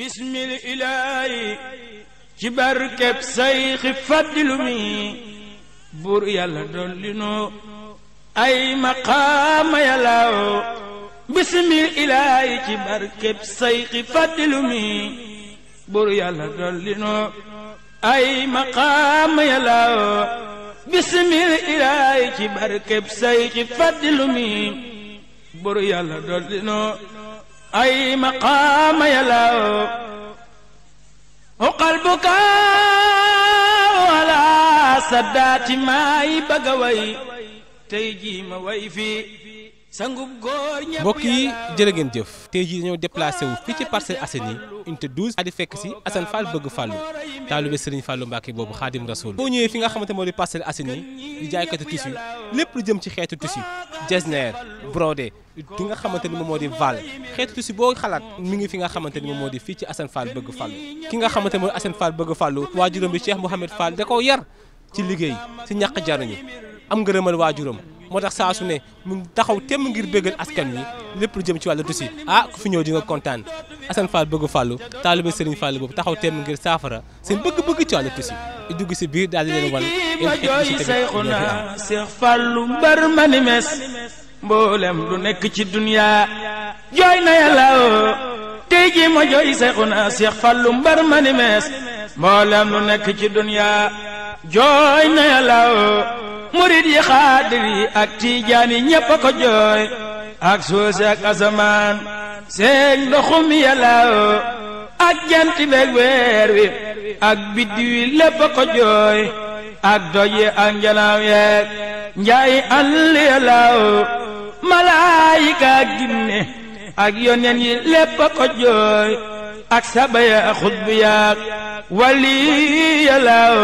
bismil ilaahi ci barkeb sayxi faddilu mi buur yàlla dolli nu ay maqaama yàllaaw bismil yàlla dolli bismil ilaahi ci barkeb sayxi faddilu mi buur yàlla dolli nu ay maqaama yalaw uqal bukaa wala saddaati maay bëgg a way tey jii ma way fii mbokk yi jërë ngeen jëf tey jii dañoo déplacé wu fii ci Parcelles Assainies unité 12 a di fekk si Assane Fall bëgg Fallu taalibe Serigne Fallu Mbacke boobu Xaadim Rasul boo ñëwee fi nga xamante moo di Parcelles Assainies di jaaykatu tissu lépp lu jëm ci xeetu tissu designer brodé di nga xamante ni moom moo di val xeetu tissu boo xalaat mi ngi fi nga xamante ni moom moo di fii ci Assane Fall bëgg Fallu ki nga xamante moo di Assane Fall bëgg Fallu waajuram bi Cheikh Mouhamed Fall da koo yar ci liggéey si ñàq jaruñi am ngërëmal waajuram moo tax saa su ne mu taxaw temm ngir bëggal askan wi lépp lu jëm ci wàllu dossier ah ku fi ñëw di nga kontaan Assane Fall bëgg fàllu taaliba Serigne Fall boobu taxaw temm ngir saafara seen bëgg-bëgg ci wàllu dossier dugg si biir daal di leen wan Seex Fallu mbar mani mes mboolem lu nekk ci duniyaa jooy na yàlla oo tey ji ma jooy Seexuna Seex Fallu mbar mani mes mboolem lu nekk ci duniyaa jooy na yàlla oo murit yi xaadir yi ak tiijaan yi ko jooy ak suusi ak asamaan seeg ndoxum yàllaaw ak jant weer wi ak biddiw yi ko jooy ak doj yi ak njaayi àll yàllaaw malaayika ak ginne ak yoneen yi ko jooy ak saba ya xutbu yaag wali yàllaaw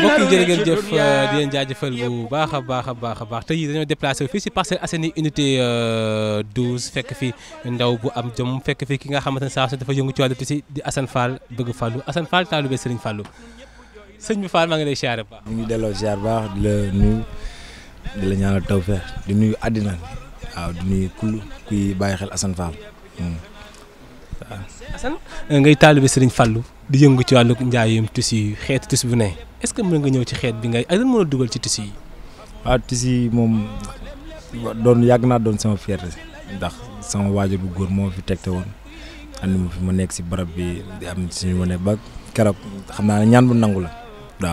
mbokk yi jërë ngeen jëf di leen jaajëfal bu baax a baax a baax a baax tey dañoo déplacé fii si parce Parcelles Assainies unité 12 euh, fekk fi ndaw bu am jom fekk fi ki nga xamante ne saa dafa yëngu ci wàllu si di Assane faal bëgg Fallu Assane Fall taalibe Sëriñ Fallu sëñ bi Fall maa ngi lay siyaare baax. ñu delloo siyaar baax di la nuyu di la ñaanal tawfeex di nuyu àddina waaw di nuyu kull kuy bàyyi xel Assane Fall. waaw hmm. Assane ngay Sëriñ Fallu di yëngu ci wàllu njaayum tissu xeetu tissu bu ne. est-ce que mën nga ñëw ci xeet bi ngay ak lan mën a dugal ci tissu yi. waaw tissu moom doon yàgg naa doon sama fierté ndax sama waajur bu góor moo fi tegte woon andi ma fi ma nekk si barab bi am suñu wane ba keroog xam naa ne ñaan bu nangu la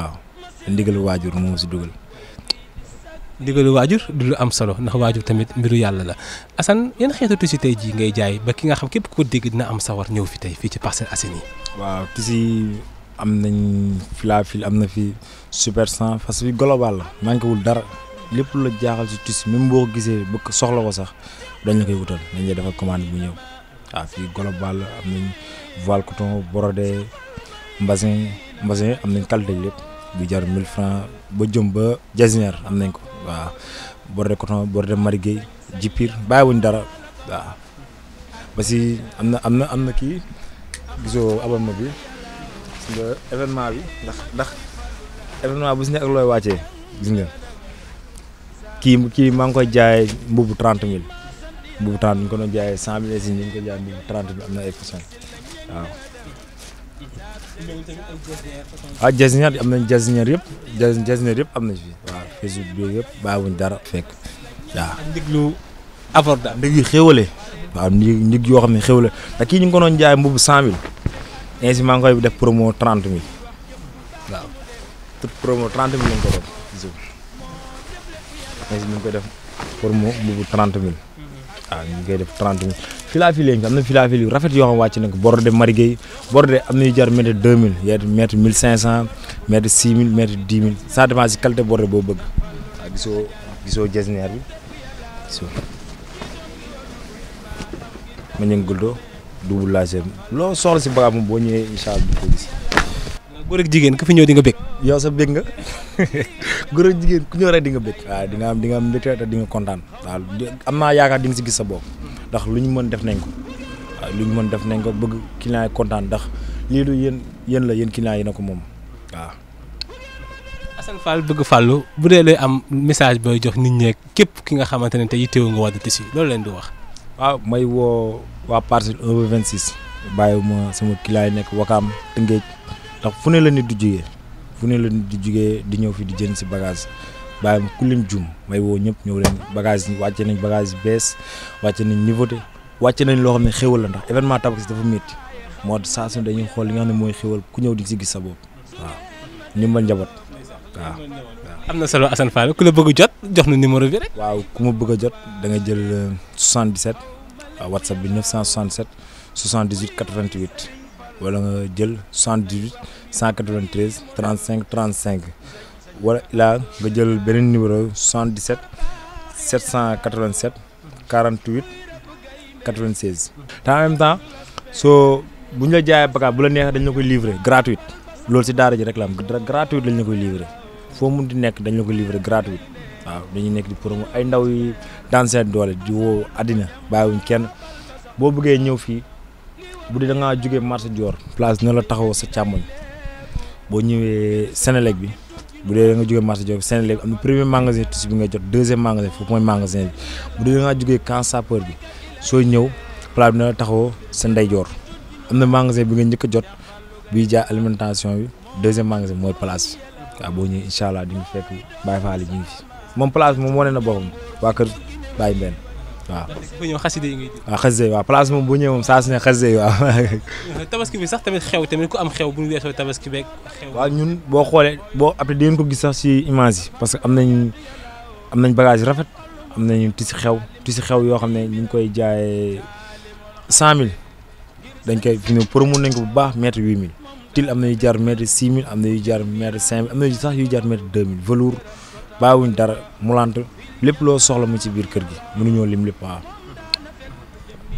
ndigalu waajur moo si dugal. ndigalu waajur du lu am solo ndax waajur tamit mbiru yàlla la Assane yan xeetu tissu tey jii ngay jaay ba ki nga xam képp ko dégg dina am sawar ñëw fi tey fii ci Parcelles Assainies yi. waaw tissu am nañ filafil am na fi super 100 fas bi global la manqué dara lépp la jaaxal si tissu même boo ko gisee bëgg soxla ko sax dañ la koy wutal dañ lay defal bu ñëw waaw fii global la am nañ voile coton brodé mbasin mbasin am nañ qualité lépp bu ba jëm ba jasinière am nañ ko waaw brodé coton brodé marigué jipir bàyyiwuñ dara waaw ba am na am na am na kii gisoo abonnement bi nga événement bi ndax ndax événement bu si nekk looy wàccee gis nga kii kii maa ngi koy jaay mbubb trente mille mbubu trente ñu ko doon jaayee cent mille si ñu ngi koy jaay mbubu trente mille am na ay façon ah, am nañ jasinaat yëpp jasinaat yëpp am na fi waaw Facebook bi yëpp bàyyiwuñ dara fekk waaw. ndig lu abordable ndig yu xéwale. waaw ndig ndig yoo xam ne xéwale te kii ñu ngi ko doon jaay mbubu cent mille. ainsi maa koy def promo 30 000 waaw tout promo 30 000 lañ ko doon jour ngi koy def promo boobu 30 000 waaw ñu ngi koy def 30 am na filaafil yu rafet yoo xam wàcc nañ ko bordé marigay bordé am na yu jar mètre 2000 yeet mètre 1500 mètre 6000 mètre 10 000 ça dépend si qualité bordé boo bëgg waaw gisoo gisoo jesneer bi gisoo ma ñëng guldoo laa Lagem loo soxla si bagage boo ñëwee incha allah ko gis. góor jigéen ku fi ñëw di nga bëgg. yow sa bëgg nga góor jigéen ku ñëw rek di nga bëgg. waaw di nga am di nga am mbégte te di kontaan. am naa yaakaar di nga si gis sa bopp ndax lu ñu mën def nañ ko ñu mën def nañ ko bëgg client kontaan ndax lii du yéen la yéen client yi na ko moom waaw. Assane bëgg fàllu bu dee lay am message booy jox nit ñeek képp ki nga xamante ne te yittewoo nga Waddu Tissu loolu leen di wax. waaw may woo waa parcelle 1 ba 26 bàyyiwuma sama kilaay nekk wakaam tëngéej ndax fu ne la nit du jugee fu ne la nit du jugee di ñëw fi di jën si bagage bàyyi ma ku lim jum may woo ñëpp ñëw leen bagage yi wàcce nañ bagage bees wàcce nañ nouveauté wàcce nañ loo xam ne xewal la ndax événement tabaski dafa métti moo saa su dañuy xool li nga xam ne mooy xéwal ku ñëw di si gis sa bopp waaw ndimbal njaboot waaw am na solo Assane Fall ku la bëgg jot jox na numéro bi rek. waaw ku ma bëgg a jot da nga jël 77 euh, euh, WhatsApp bi 967 78 88 wala nga jël 78 193 35 35 wala ilaa nga jël beneen numéro 77 787 48 96. te en même temps soo bu ñu la jaayee bagage bu la neexee dañ la koy livrer gratuite loolu si daara ji rek la am gratuite lañ la koy livrer. foo mun di nekk dañ la ko livrer gratuit waaw dañuy nekk di promo ay ndaw yi doole di àddina bàyyiwuñ kenn boo bëggee ñëw fii bu dee da ngaa jógee marché Dior place na la taxawoo sa càmmoñ boo ñëwee Sénélec bi bu dee da nga jógee marché Dior Sénélec premier magasin tissu bi nga jot deuxième magasin foofu mooy magasin bi jógee camp sapeur bi sooy ñëw place bi na la taxawoo am na magasin bi nga njëkk a jot biy jaay alimentation bi deuxième magasin mooy place bi waaw boo ñëwee incha allah di nga fekk Baye Fall ñu ngi fi moom place bi moom wane na boppam waa kër Baye Mbène waaw. waaw xasida yi ngay waaw xasida yi waaw place moom bu ñëwee moom saa su ne xasida yi waaw. tabaski bi sax tamit xew tamit ko am xew bu ñu weesoo tabaski beeg. xew waaw ñun boo xoolee boo après di ngeen ko gis sax si image yi parce que am nañ am nañ bagage rafet am ti si xew ti si xew yoo xam ne ñu ngi koy jaayee cent mille dañ koy fi mu promo nañ ko bu baax mètre huit mille. til am na yu jar mètre six mille am na yu jar mètre cinq mille am na yu sax yu jar mètre deux mille velours bàyyiwuñ dara mulante lépp loo soxla mu ci biir kër gi mënuñoo lim lépp waaw.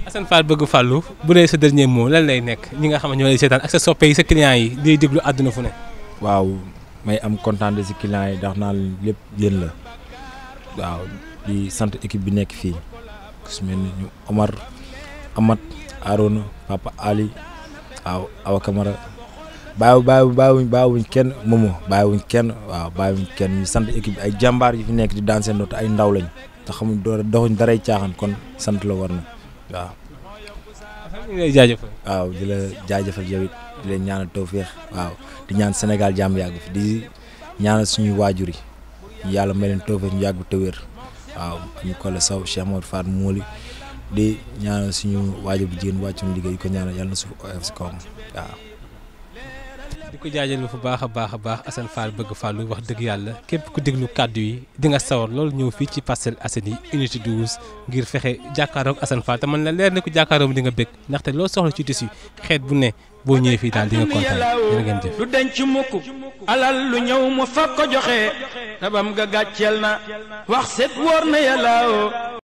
Assane Fall bëgg fàllu bu dee sa dernier mot lan lay nekk ñi nga xam ne ñoo lay seetaan ak sa soppe yi sa clients yi di déglu àdduna fu ne. waaw may am kontaan si clients yi ndax naa lépp yéen la waaw di sant équipe bi nekk fii su mel ni ñu Omar Amat Arona Papa Ali waaw Awa Camara. bàyyi bàyyi bàyyiwuñ bàyyiwuñ kenn moomu bàyyiwuñ kenn waaw bàyyiwuñ kenn ñu sant équipe bi ay jàmbaar yu fi nekk di daan seen dootu ay ndaw lañ te xamul xamuñ doxuñ daray caaxaan kon sant la war na waaw. waaw di la jaajëfal yow it di leen ñaanal tawféex waaw di ñaan Sénégal jàmm yàgg fi di ñaanal suñuy waajur yi ñu yàlla may leen tawféex ñu yàgg te wér waaw ñu ko la saw Cheikh Mor Fat Mouli di ñaanal suñu waajur bu jigéen wàccum liggéey ko ñaanal yàlla na suuf oyof si kawam di ko jaajël bu baax a baax a baax Assane Fall bëgg Fallou wax yàlla képp ku déglu kàddu yi di nga sawar loolu ñëw fii ci Parcelles Assainies yi unité 12 ngir fexe jàkkaaroog Assane Fall te man la di nga bëgg ndaxte loo soxla ci tissu xeet bu ne boo ñëwee di nga kontaan dina ngeen jëf. du denc mukk alal lu ñëw mu fab ko joxe tabam nga gàcceel na wax set wóor na yàlla